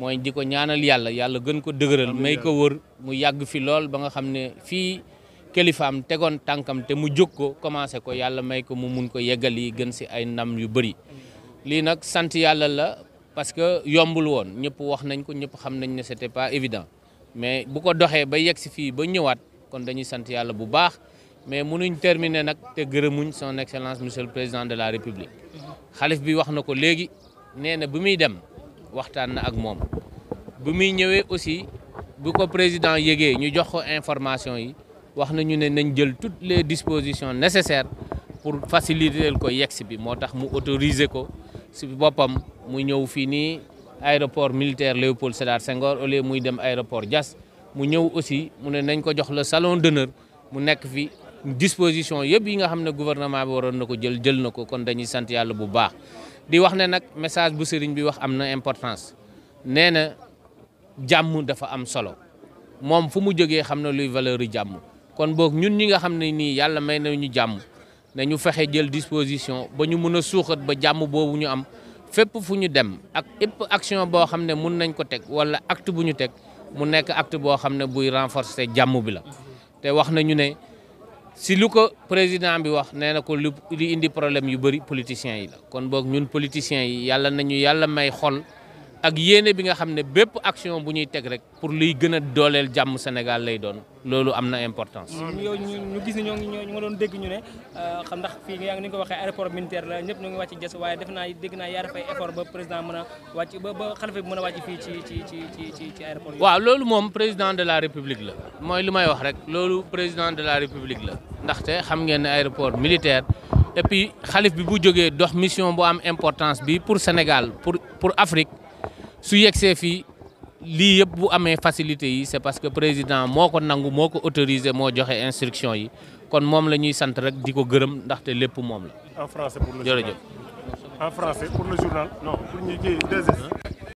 mooy di ko ñaanal yàlla yàlla gën ko dëgëral may ko wër mu yàgg fi lool ba nga xam ne fii kilifaam tegoon tànkam te mu jóg ko commencé ko yàlla may ko mu mun ko yeggal yi gën si ay ndam yu bëri lii nag sant yàlla la parce que yombul woon ñëpp wax nañ ko ñëpp xam nañ ne c'était pas évident mais bu ko doxee ba yegg si fii ba ñëwaat kon dañuy sant yàlla bu baax mais mënuñ terminer nag te gërëmuñ son excellence monsieur le président de la république mm-hmm. xalif waxtaan na ak moom bu muy ñëwee aussi bu ko président yëgee ñu jox ko information yi wax nañu ne nañ jël toutes les dispositions nécessaires pour faciliter ko yegsi bi moo tax mu autoriser ko si boppam mu ñëw fii nii aéroport militaire Léopold Sédar Senghor au lieu muy dem aéroport jas mu ñëw aussi mu ne nañ ko jox le salon d'honneur mu nekk fi disposition yëpp yi nga xam ne gouvernement bi waroon na ko jël jël na ko kon dañuy sant yàlla bu baax di wax ne nag message bu sëriñ bi wax am na importance nee na jàmm dafa am solo moom fu mu jógee xam na luy valeur jàmm kon boog ñun ñi nga xam ne nii yàlla may na ñu jàmm nañu fexe jël disposition ba ñu mun a suuxat ba jàmm boobu ñu am fépp fu ñu dem ak épp action boo xam ne mun nañ ko teg wala acte bu ñu teg mu nekk acte boo xam ne buy renforcer jàmm bi la si lu ko président bi wax nee na ko lu li indi problème yu bëri politiciens yi la kon boog ñun politiciens yi yàlla nañu yàlla may xol ak yéene bi nga xam ne bépp action bu ñuy teg rek pour luy gën a dooleel jàmm Sénégal lay doon loolu am na importance. ñu ñu gis ne ñoo ñu ma doon dégg ñu ne euh, xam ndax fii yaa ngi ni ko waxee aéroport militaire la ñëpp ñu ngi wàcc Diass waaye def naa dégg naa yaa dafay effort ba président mën a wàcc ba ba xalifa bi mën a wàcc fii ci ci ci waaw loolu moom président de la république la mooy li may wax rek loolu président de la république la ndaxte xam ngeen ne aéroport militaire. et puis bi bu jógee dox mission bu am importance bi pour Sénégal pour pour Afrique su yegsee fii lii yëpp bu amee facilité yi c'est parce que président moo ko nangu moo ko autorisé moo joxe instruction yi kon moom la ñuy sant rek di ko gërëm ndaxte lépp moom la. en français pour le journal